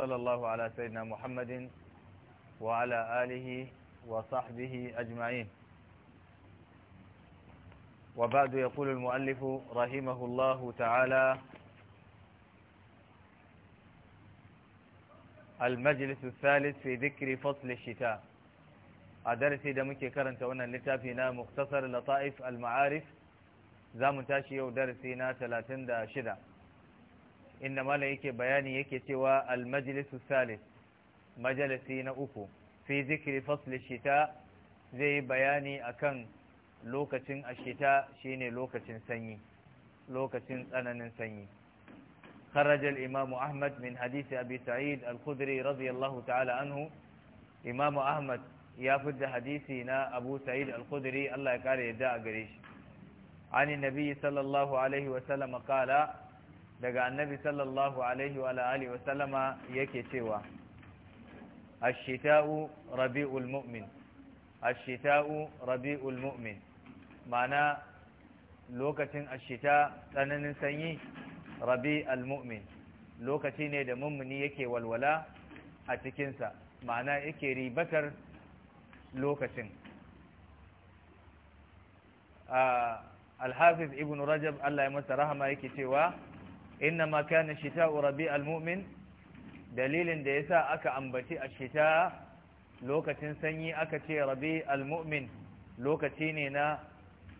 صلى الله على سيدنا محمد وعلى آله وصحبه أجمعين وبعد يقول المؤلف رحمه الله تعالى المجلس الثالث في ذكر فصل الشتاء أدرسي دمكي كرنت وانا لتابنا مختصر لطائف المعارف زامن تاشي ودرسينا شذا inda mala yake bayani yake cewa almajalisu salis majalisi na uku fi zikiri fasli shita zai bayani akan lokacin ashita shine lokacin sanyi lokacin tsananin sanyi خرج الإمام أحمد من حديث أبي سعيد الخدري رضي الله تعالى عنه إمام أحمد يافد حديثنا أبو سعيد الخدري الله يكاري يدعى قريش عن النبي صلى الله عليه وسلم قال daga annabi sallallahu alaihi wa alihi wasallama yake cewa ashita'u rabi'ul mu'min ashita'u rabi'ul mu'min ma'ana lokacin ashita tsananin sanyi rabi'ul mu'min lokaci ne da mummuni yake walwala a cikinsa ma'ana yake ribatar lokacin ah, alhafiz ibn rajab Allah ya masa rahama yake cewa إنما كان الشتاء ربيع المؤمن dalilin da yasa aka ambaci a shita lokacin sanyi aka ce rabi almu'min lokaci ne na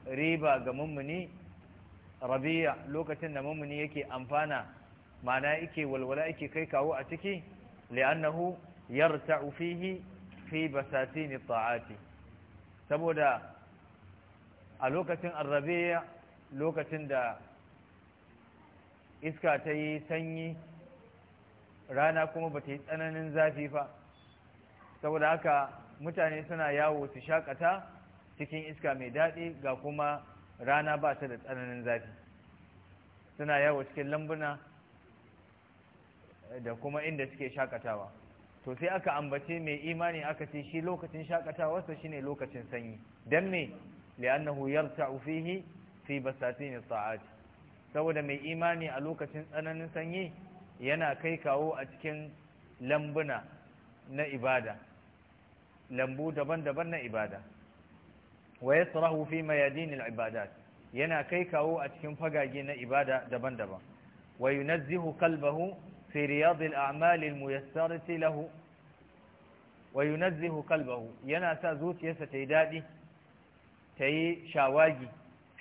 riba ga mummuni rabiya lokacin da mummuni yake amfana mana yake walwala yake kai kawo a ciki li'annahu yarta'u fihi fi basatin ta'ati saboda a lokacin arrabiya lokacin da iska ta yi sanyi rana kuma ba ta yi tsananin zafi ba saboda haka mutane suna yawo su shakata cikin iska mai daɗi ga kuma rana ba ta da tsananin zafi suna yawo cikin lambuna da kuma inda suke shakatawa to sai aka ambace mai imani aka ce shi lokacin shakatawarsa shine lokacin sanyi don me li'annahu yarta'u fihi fi basatin sa'ati saboda mai imani a lokacin tsananin sanyi yana kai kawo a cikin lambuna na ibada lambu daban-daban na ibada wa yasrahu fi mayadinil ibadat yana kai kawo a cikin fagage na ibada daban-daban wa yunazzihu qalbahu fi riyadil a'malil muyassarati lahu wa yunazzihu qalbahu yana sa zuciyarsa ta yi daɗi ta yi shawagi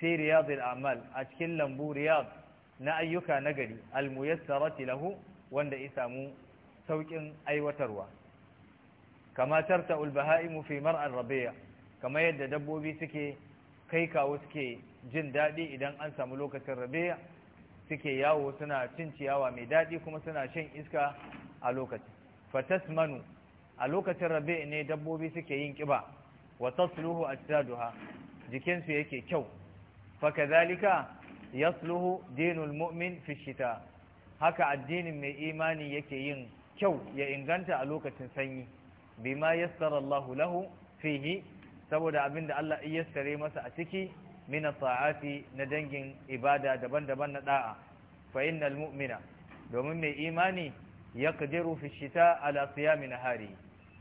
fi riyadil a'mal a cikin lambu riyad na ayyuka nagari almuyassarati lahu wanda ya samu saukin aiwatarwa kama tarta ulbahaimu fi mar'ar rabi'a kama yadda dabbobi suke kai kawo suke jin daɗi idan an samu lokacin rabi'a suke yawo suna cin ciyawa mai daɗi kuma suna shan iska a lokacin fatasmanu a lokacin rabi'a ne dabbobi suke yin kiba wa tasluhu ajsaduha jikinsu yake kyau Faka fakazalika yasluhu dinul mu'min fi haka addinin mai imani yake yin kyau ya inganta a lokacin sanyi bima yassara lahu fihi saboda abinda Allah ya yassare masa a ciki min ta'ati na dangin ibada daban-daban na da'a fa innal mu'mina domin mai imani yaqdiru fi shita ala mina hari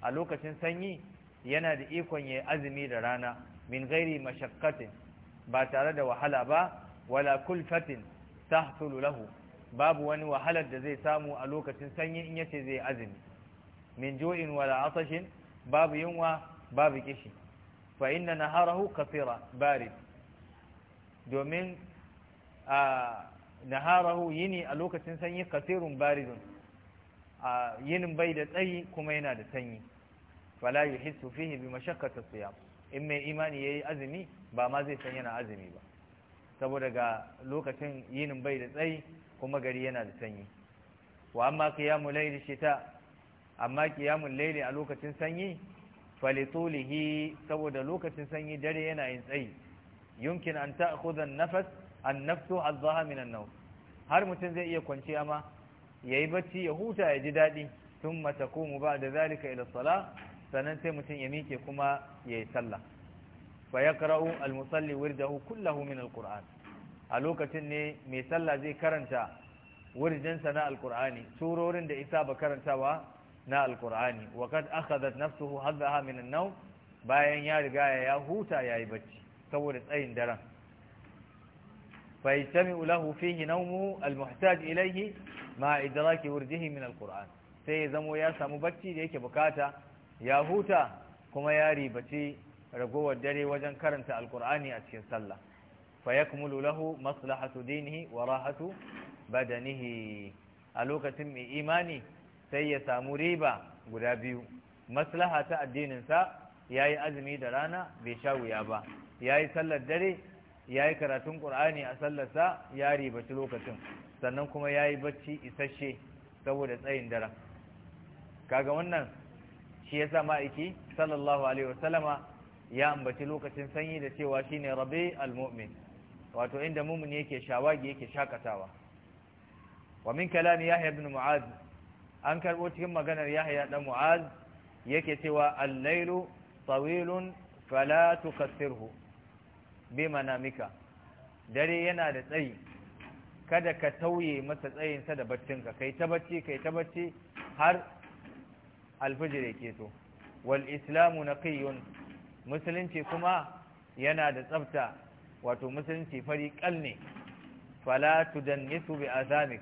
a lokacin sanyi yana da ikon yayi azumi da rana min ghairi mashaqqatin ba tare da wahala ba wala kulfatin tahsulu lahu babu wani wahalar da zai samu a lokacin sanyi in yace zai azumi min jo'in wala atashin babu yunwa babu kishi fa inna naharahu kathira barid domin a naharahu yini a lokacin sanyi kathirun baridun yinin bai da tsayi kuma yana da sanyi fala yuhissu fihi bi mashaqqati siyam in mai imani ya yi azumi ba ma zai san yana azumi ba saboda ga lokacin yinin bai da tsayi kuma gari yana da sanyi wa amma qiyamul layli shita amma qiyamul layli a lokacin sanyi falitulihi saboda lokacin sanyi dare yana yin tsayi yumkin an ta'khudha an-nafas an-nafsu adh min an har mutum zai iya kwanciya ma yayi bacci ya huta ya ji dadi thumma taqumu ba'da zalika ila as-salah sannan sai mutum ya miƙe kuma ya yi sallah fa ya kara'u almusalli wirdahu kullahu min alqur'an a lokacin ne mai sallah zai karanta wirjinsa na alqur'ani surorin da isa ba karantawa na alqur'ani wa kad akhadhat nafsuhu haddaha min an-nawm bayan ya riga ya huta yayi bacci saboda tsayin daren fa yajtami'u lahu fihi nawmu almuhtaj ilayhi ma idraki wirdihi min alqur'an sai ya zamo ya samu bacci da yake bukata ya huta kuma ya ribaci ragowar dare wajen karanta alkur'ani a cikin sallah fa yakmulu lahu maslahatu dinihi wa rahatu badanihi a lokacin mai imani sai ya samu riba guda biyu maslaha ta addininsa yi azumi da rana bai sha wuya ba Ya yi sallar dare ya yi karatun ƙur'ani a sallarsa ya ribaci lokacin sannan kuma ya yi bacci isasshe saboda tsayin daren kaga wannan shi yasa ma'aiki sallallahu alaihi wasallama ya ambaci lokacin sanyi da cewa shine rabi almu'min wato inda mumin yake shawagi yake shakatawa wa min kalami yahya ibn mu'az an karbo cikin maganar yahya dan mu'az yake cewa al-lailu tawilun fala tukassirhu bi manamika dare yana da tsayi kada ka tauye masa tsayinsa da baccinka kai ta bacci kai ta bacci har alfijir ya keto wal islamu naqiyun musulunci kuma yana da tsafta wato musulunci fari kal ne fala tudannisu bi azamik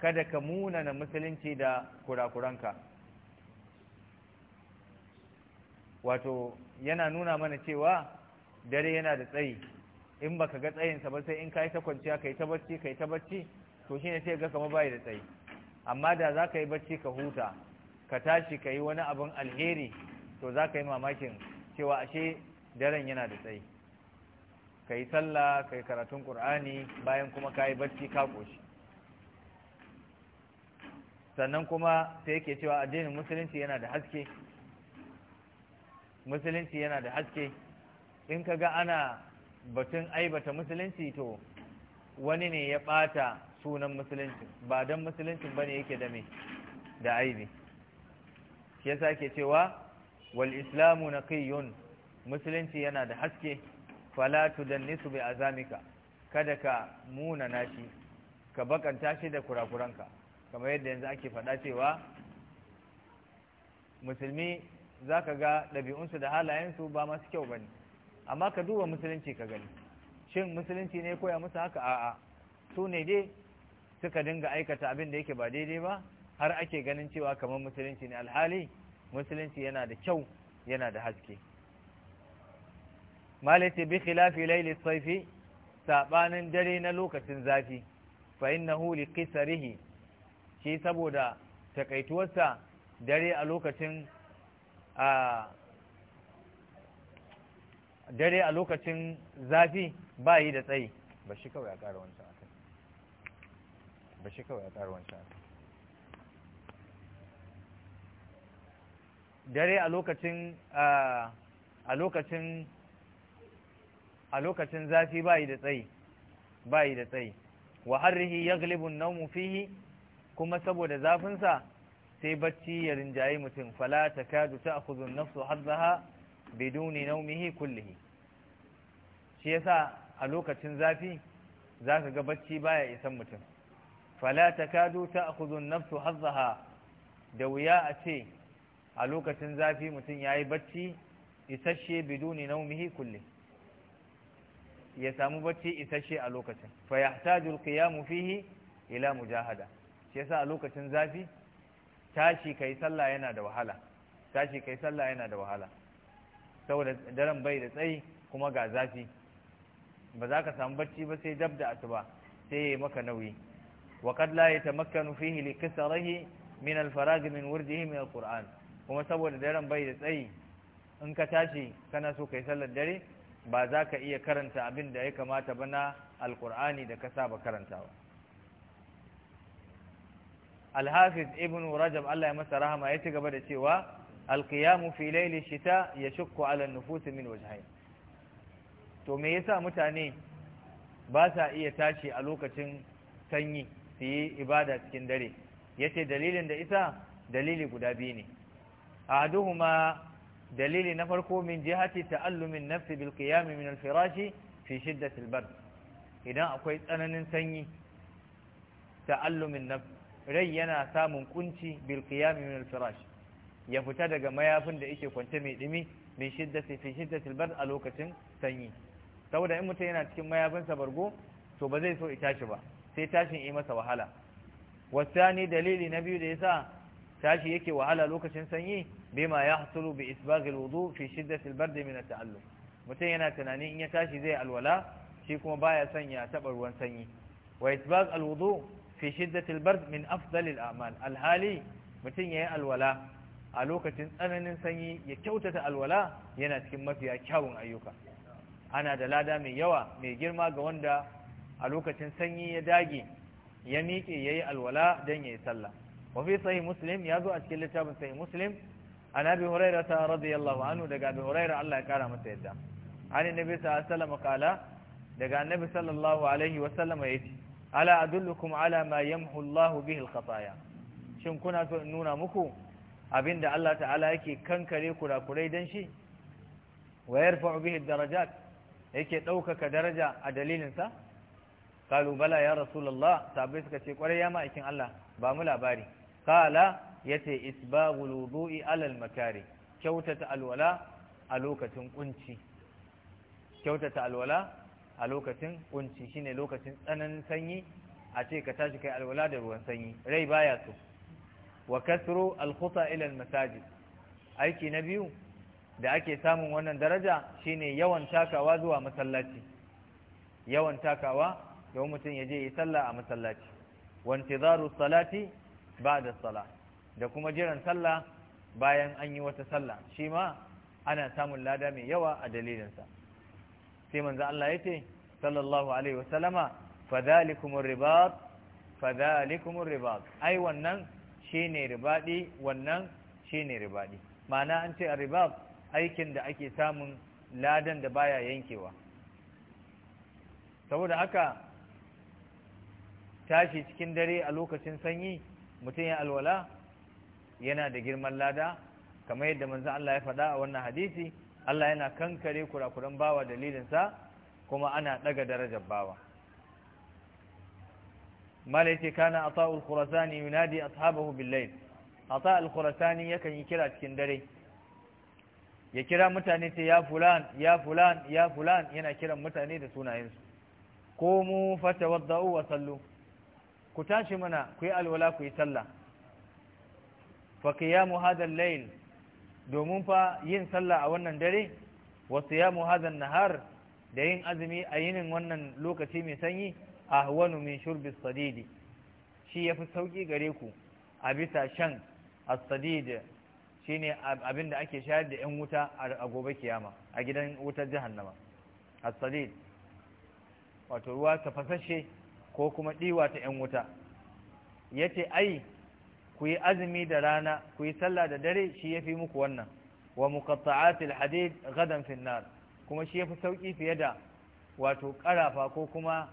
kada ka munana musulunci da kurakuranka wato yana nuna mana cewa dare yana da tsayi in baka ga tsayinsa ba sai in ka yi ta kwanciya ka yi ta bacci ka yi ta barci to shine sai ga kama bayi da tsayi amma da za ka yi barci ka huta ka tashi ka yi wani abin alheri to za ka yi mamakin cewa ashe daren yana da tsayi ka yi sallah ka yi karatun ƙur'ani bayan kuma ka yi barci ka ƙoshi sannan kuma sai yake cewa addinin musulunci yana da haske musulunci yana da haske in ka ga ana batun aibata musulunci to wani ne ya ɓata sunan musulunci ba don musulunci ba ne yake da mai da aibi ya sake cewa wal islamu na naqiyyun musulunci yana da haske falatu fala tudannisu bi azamika kada ka muna nashi ka bakanta shi da kurakuranka kamar yadda yanzu ake fada cewa musulmi zaka ga ɗabi'unsu da halayen su ba masu kyau bane amma ka duba musulunci ka gani shin musulunci ne koya musu haka a'a su ne dai suka dinga aikata abin da yake ba daidai ba har ake ganin cewa kamar musulunci ne alhali musulunci yana da kyau yana da haske malaiti bi khilafi laili saifi sabanin dare na lokacin zafi fa innahu li qisarihi shi saboda takaituwarsa dare a lokacin a dare a lokacin zafi ba yi da tsayi ba shi kawai a ƙara wancan ba shi kawai a ƙara wancan dare a lokacin a lokacin a lokacin zafi bayi da tsayi bayi da tsayi wa harrihi yaghlibu an-nawmu fihi kuma saboda zafin sa sai bacci ya rinjayi mutum fala takadu ta'khudhu an-nafsu haddaha biduni nawmihi kullihi shi yasa a lokacin zafi zaka ga bacci baya isan mutum fala takadu ta'khudhu an-nafsu haddaha da wuya a ce a lokacin zafi mutum ya yi bacci isasshe biduni naumihi kulle ya samu bacci isasshe a lokacin fa yahtajul qiyamu fihi ila mujahada shi yasa a lokacin zafi tashi kai sallah yana da wahala tashi kai sallah yana da wahala saboda daren bai da tsayi kuma ga zafi ba za ka samu bacci ba sai dab da asuba sai ya yi maka nauyi wa qad la yatamakkanu fihi li kasrihi min al-farag min wurdihi min al-qur'an kuma saboda daren bai da tsayi in ka tashi kana so kai sallar dare ba za ka iya karanta abin da ya kamata ba na alkur'ani da ka saba karantawa alhafiz ibn rajab Allah ya masa rahama ya ci gaba da cewa alkiyamu fi laili shita ya shukku ala nufus min wajhain to me yasa mutane ba sa iya tashi a lokacin sanyi su yi ibada cikin dare yace dalilin da isa dalili guda biyu ne ahaduhuma dalili na farko min jihati ta'allumin nafsi bil qiyam min firashi fi shiddati al idan akwai tsananin sanyi ta'allumin nafsi rai yana samun kunci bil min firashi ya fita daga mayafin da yake kwance mai dumi min shiddati fi a lokacin sanyi saboda in mutum yana cikin mayafinsa bargo to ba zai so ya tashi ba sai tashin yi masa wahala wasani dalili na biyu da yasa tashi yake wahala lokacin sanyi bima yahsulu bi isbaghil wudu fi shiddati al-bard min at-ta'allum mutum yana tunani in ya tashi zai alwala shi kuma baya son ya taɓa ruwan sanyi wa isbagh al-wudu fi shiddati al min afdal al-a'mal al-hali mutum yayi alwala a lokacin tsananin sanyi ya kyautata alwala yana cikin mafiya kyawun ayyuka ana da lada mai yawa mai girma ga wanda a lokacin sanyi ya dage ya miƙe yayi alwala dan yayi sallah wa fi sahih ya zo a cikin littafin sahih muslim an abi huraira ta radiyallahu anhu daga abi huraira Allah ya kara masa yadda an annabi sallallahu alaihi daga annabi sallallahu alaihi wasallam yace ala adullukum ala ma yamhu Allah bihi al shin kuna so in nuna muku abinda Allah ta'ala yake kankare kurakurai dan shi wa yarfa'u bihi darajat yake ɗaukaka daraja a dalilinsa kalu bala ya rasulullah sabai suka ce kwarai ya ma'aikin Allah ba mu labari kala yace isbagul wudu'i alal makari kyautata alwala a lokacin kunci kyautata alwala a lokacin kunci shine lokacin tsananin sanyi a ce ka tashi kai alwala da ruwan sanyi rai baya so wa kasru alkhuta ila almasajid aiki na biyu da ake samun wannan daraja shine yawan takawa zuwa masallaci yawan takawa don mutum ya je yi sallah a masallaci wa intizaru salati ba'da salah da kuma jiran sallah bayan an yi wata sallah shi ma ana samun lada mai yawa a dalilinsa sai manzo Allah yace sallallahu alaihi wasallama fadhalikumur ribat fadhalikumur ribat ai wannan shine ribadi wannan shine ribadi ma'ana an ce ribat aikin da ake samun ladan da baya yankewa saboda haka tashi cikin dare a lokacin sanyi mutum ya alwala yana da girman lada kamar yadda manzon Allah ya faɗa a wannan hadisi Allah yana kankare kurakuran bawa dalilinsa kuma ana ɗaga darajar bawa malaiti kana ata'ul khurasani yunadi ashabahu bil layl ata'ul khurasani yakan yi kira cikin dare ya kira mutane ce ya fulan ya fulan ya fulan yana kiran mutane da sunayensu komu fatawadda'u wa sallu ku tashi mana ku yi alwala ku yi sallah fa qiyamu hadha al-layl domin fa yin sallah a wannan dare wa siyamu hadha an-nahar da yin azumi a yinin wannan lokaci mai sanyi ahwanu min shurbi as-sadid shi yafi sauki gare ku a bisa shan as-sadid shine abinda ake shayar da yan wuta a gobe kiyama a gidan wutar jahannama as-sadid wato ruwa tafasashe ko kuma diwa ta yan wuta yace ai ku yi azumi da rana ku yi sallah da dare shi yafi muku wannan wa muqatta'atil hadid gadan fin kuma shi yafi sauki fiye da wato karafa ko kuma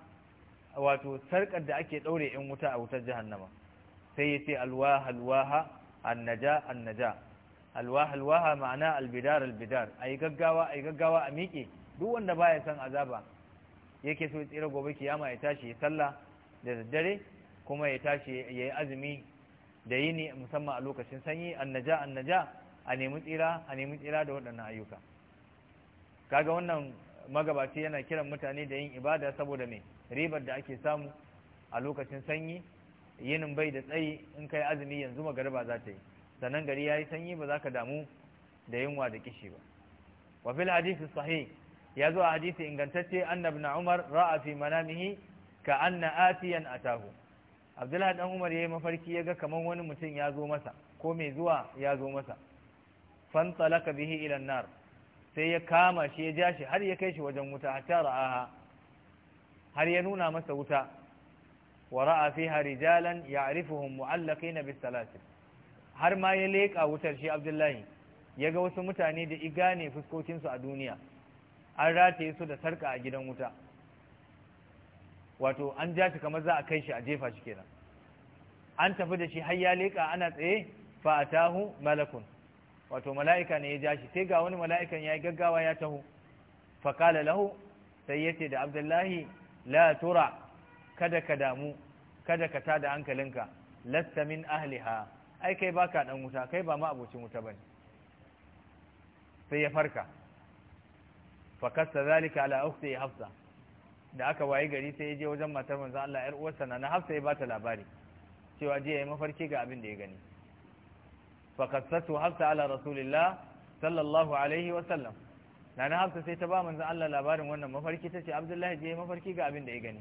wato sarkar da ake daure in wuta a wutar jahannama sai yace alwaha alwaha annaja annaja alwaha alwaha ma'ana albidar albidar ayi gaggawa yi gaggawa a miƙe duk wanda baya son azaba yake so tsira gobe kiyama ya tashi ya sallah da daddare kuma ya tashi ya yi azumi da yini musamman a lokacin sanyi annaja annaja a nemi tsira a nemi tsira da waɗannan ayyuka kaga wannan magabaci yana kiran mutane da yin ibada saboda mai ribar da ake samu a lokacin sanyi yinin bai da tsayi in kai azumi yanzu magariba za ta yi sanan gari ya yi sanyi ba za ka damu da yunwa da kishi ba wa fil hadisi sahih ya zo a hadisi ingantacce anna na umar ra'a fi manamihi ka anna atiyan atahu abdullahi dan umar yi mafarki ya ga kamar wani mutum ya zo masa ko mai zuwa ya zo masa ka bihi ilan nar sai ya kama shi ya ja shi har ya kai shi wajen wuta hatta ra'aha har ya nuna masa wuta wa ra'a fiha rijalan ya'rifuhum mu'allaqina bis salasil har ma ya leƙa wutar shi abdullahi ya ga wasu mutane da igane fuskokinsu a duniya an rataye su da sarka a gidan wuta wato an ja shi kamar za a kai shi a jefa shi kenan an tafi da shi har ya leƙa ana tsaye fa atahu malakun wato mala'ika ne ya ja shi sai ga wani mala'ikan ya yi gaggawa ya taho fa qala lahu sai yace da abdullahi la tura kada ka damu kada ka tada hankalinka lasta min ahliha ai kai baka dan wuta kai ba ma abocin wuta bane sai ya farka fa kasta zalika ala ukhti hafsa da aka waye gari sai ya je wajen matar manzon Allah yar uwarsa na Hafsa ya bata labari cewa je yayi mafarki ga abin da ya gani fa qassatu Hafsa ala Rasulillah sallallahu alaihi wa sallam na na Hafsa sai ta ba manzon Allah labarin wannan mafarki tace Abdullahi je yayi mafarki ga abin da ya gani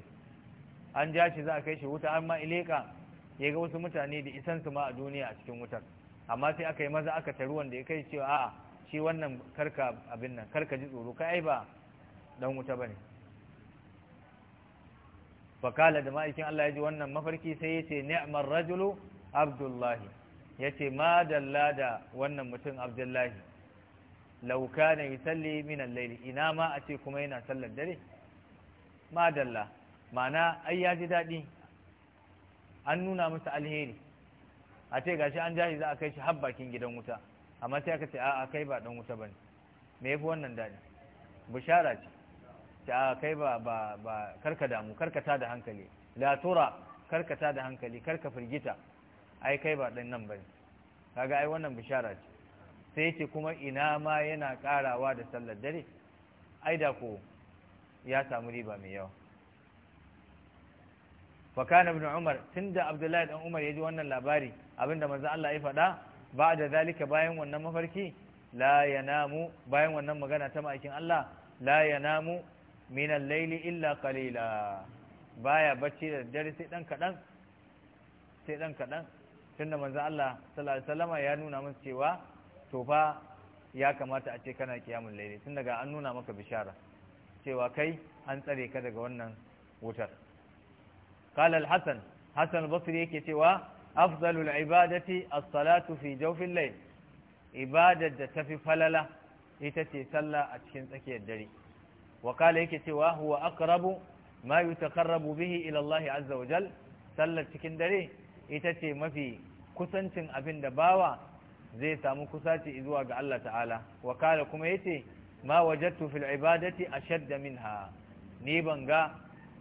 an ja shi za a kai shi wuta amma ileka ya ga wasu mutane da isan su ma a duniya a cikin wutar amma sai aka yi maza aka taru wanda ya kai cewa a'a shi wannan karka abin nan karka ji tsoro ka ai ba dan wuta bane fakala da ma'aikin Allah ya ji wannan mafarki sai ya ce ni'mar rajulu abdullahi ya ce ma dalla da wannan mutum abdullahi lauka na yi salli minan laili ina ma a ce kuma yana sallar dare ma dalla mana ai ya ji daɗi an nuna masa alheri a ce gashi an jahi za a kai shi har bakin gidan wuta amma sai aka ce a'a kai ba dan wuta ba ne. me ya fi wannan daɗi bishara ce ta kai ba ba ba karka damu karkata da hankali la tura karkata da hankali karka firgita ai kai ba ɗan nan bane kaga ai wannan bishara ce sai yake kuma ina ma yana karawa da sallar dare ai da ko ya samu riba mai yawa kana ibn umar tunda abdullahi dan umar ya ji wannan labari abinda manzo Allah ya faɗa ba da zalika bayan wannan mafarki la yanamu bayan wannan magana ta ma'aikin Allah la yanamu minan laili illa kalila baya bacci da dare sai dan kaɗan sai dan kaɗan tun da sallallahu Allah wasallam ya nuna musu cewa to fa ya kamata a ce kana kiyamul laili tunda ga an nuna maka bishara cewa kai an tsare ka daga wannan wutar Khalal Hassan, Hassan basri yake cewa afdalul ibadati as-salatu fi jawfil layl ibadar da tafi falala ita ce sallah a cikin tsakiyar dare wa yake cewa huwa aqrabu ma yutaqarrabu bihi ila Allah azza wa jal sallar cikin dare ita ce mafi kusancin abin da bawa zai samu kusaci zuwa ga Allah ta'ala wa kala kuma yace ma wajadtu fil ibadati ashadda minha ni ban ga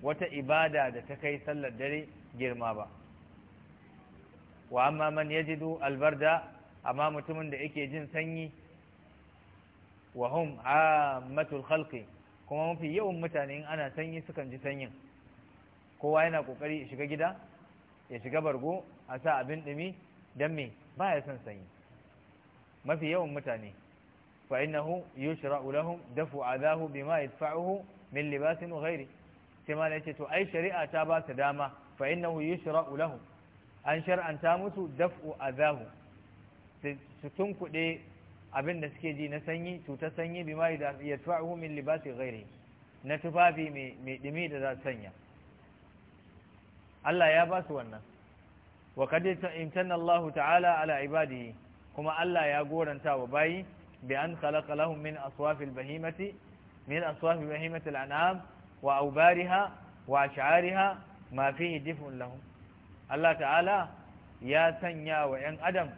wata ibada da ta kai sallar dare girma ba wa amma man yajidu albarda amma mutumin da yake jin sanyi wa hum ammatul khalqi kuma mafi yawan mutane in ana sanyi sukan ji sanyin kowa yana kokari ya shiga gida ya shiga bargo a sa abin dumi don me ba ya son sanyi mafi yawan mutane fa innahu yushra'u lahum dafu adahu bima yadfa'uhu min libasin ghairi sai ma yace to ai shari'a ta ba su dama fa innahu yushra'u lahum an shar'anta musu daf'u adahu su tunkuɗe abin da suke ji na sanyi cutar sanyi bi ma ya fa'uhu min libasi na tufafi mai ɗimi da za sanya Allah ya ba su wannan wa qad imtana Allah ta'ala ala ibadihi kuma Allah ya goranta wa bayi bi an khalaqa lahum min aswafil bahimati min aswafil bahimati al'anam wa awbariha wa ash'ariha ma fihi dif'un lahum Allah ta'ala ya sanya wa 'yan adam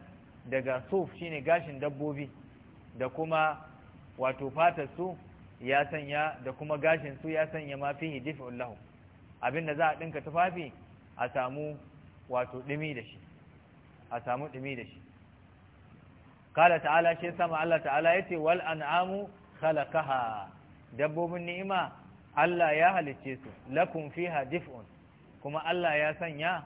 daga suf shine gashin dabbobi da kuma wato fatar su ya sanya da kuma gashin su ya sanya ma fihi dif'un lahum abinda za a dinka tufafi a samu wato dumi da shi a samu dumi da shi kala ta'ala shi sama Allah ta'ala yace wal an'amu khalaqaha dabbobin ni'ima Allah ya halicce su lakum fiha dif'un kuma Allah ya sanya